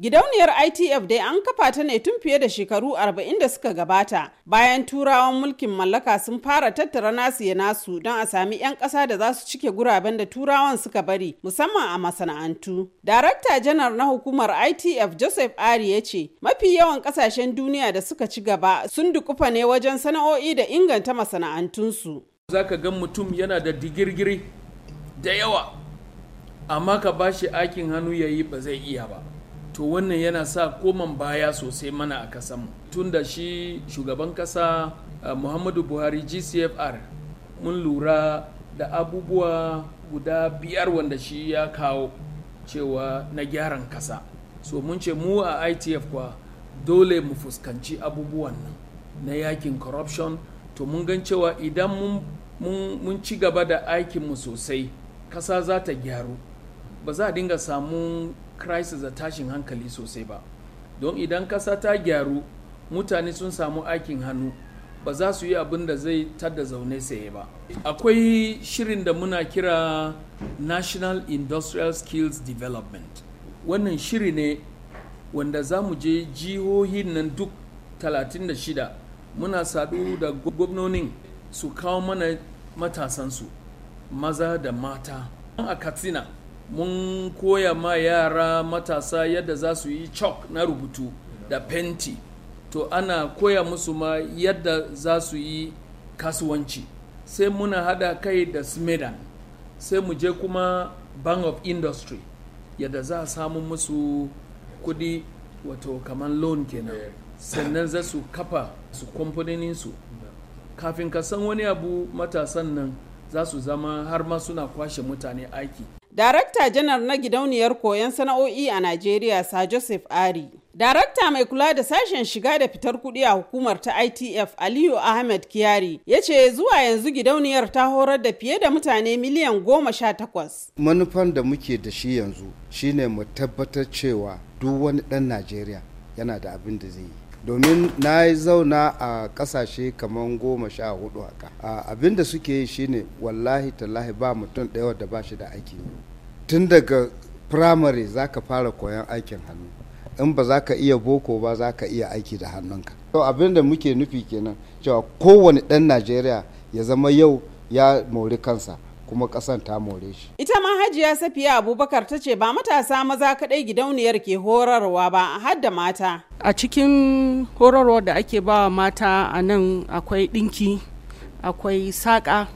Gidauniyar ITF dai an kafa ta ne tun fiye da shekaru 40 da suka gabata bayan turawan mulkin mallaka sun fara tattara nasu ya nasu don a sami 'yan ƙasa da za su cike guraben da turawan suka bari musamman a masana'antu. Darakta janar na hukumar ITF Joseph Ari ya ce mafi yawan ƙasashen duniya da suka ci gaba sun dukufa ne wajen sana'o'i da inganta masana'antunsu. Za ka ga mutum yana da digirgiri da yawa amma ka bashi aikin hannu ya yi ba zai iya ba. to wannan yana sa koman baya sosai mana a kasanmu tun da shi shugaban kasa eh, muhammadu buhari gcfr mun lura da abubuwa guda biyar wanda shi ya kawo cewa na gyaran kasa so mun ce mu a itf kwa dole mu fuskanci abubuwan nan na yakin corruption to mun gan cewa idan mun ci gaba da aikinmu sosai kasa za ta gyaru ba za a dinga samun crisis da tashin hankali sosai ba don idan kasa ta gyaru mutane sun samu aikin hannu ba za su yi abin da zai tada zaune saye ba akwai shirin da muna kira national industrial skills development wannan shiri ne wanda za mu je jihohin nan duk 36 muna sadu da gwamnonin su kawo mana matasansu maza da mata a katsina mun koya ma yara matasa yadda za su yi chalk na rubutu da fenti to ana koya musu ma yadda za su yi kasuwanci sai muna hada kai da smedan sai mu je kuma bank of industry yadda za a samu musu kudi wato kamar loan kenan sannan za su kafa su kamfaninsu kafin ka san wani abu matasan nan za su zama har ma suna kwashe mutane aiki Darakta janar na gidauniyar koyon sana'o'i a Najeriya Sa Joseph Ari. Darakta mai kula da sashen shiga da fitar kuɗi a hukumar ta ITF Aliyu Ahmed Kiyari ya ce zuwa yanzu gidauniyar ta horar da fiye da mutane miliyan goma sha takwas. Manufan da muke da shi yanzu shine mu tabbatar cewa duk wani ɗan Najeriya yana da abin da zai yi. domin na zauna a kasashe kamar goma sha hudu haka abin da suke yi shine wallahi tallahi ba mutum ɗaya da ba shi da aiki tun daga firamare za ka fara koyon aikin hannu in ba za ka iya boko ba za ka iya aiki da hannunka to abin da muke nufi kenan cewa kowane ɗan najeriya ya zama yau ya mori kansa kuma kasan ta more shi. Ita ma Hajiya Safiya Abubakar ta ce ba matasa maza kaɗai gidauniyar ke horarwa ba har da mata. A cikin horarwa da ake ba wa mata a nan akwai ɗinki, akwai saƙa,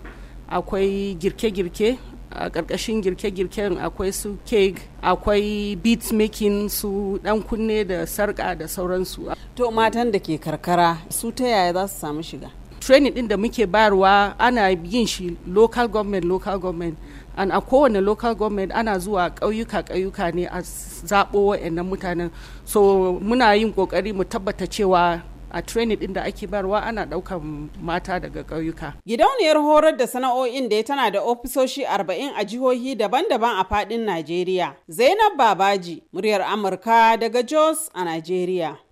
akwai girke-girke, a ƙarƙashin girke girke akwai su keg akwai beat making su ɗan kunne da sarƙa da sauransu. To matan da ke karkara su ta yaya za su samu shiga? training din da muke bayarwa ana yin shi local government local government and a kowane local government ana zuwa ƙauyuka ƙauyuka ne a zaɓo wa'annan mutanen so muna yin ƙoƙari mu tabbata cewa a training din da ake barwa ana daukan mata daga ƙauyuka. Gidauniyar horar da sana'o'in da tana da ofisoshi 40 a jihohi daban-daban a fadin Najeriya. Zainab Babaji, muryar Amurka daga Jos a Najeriya.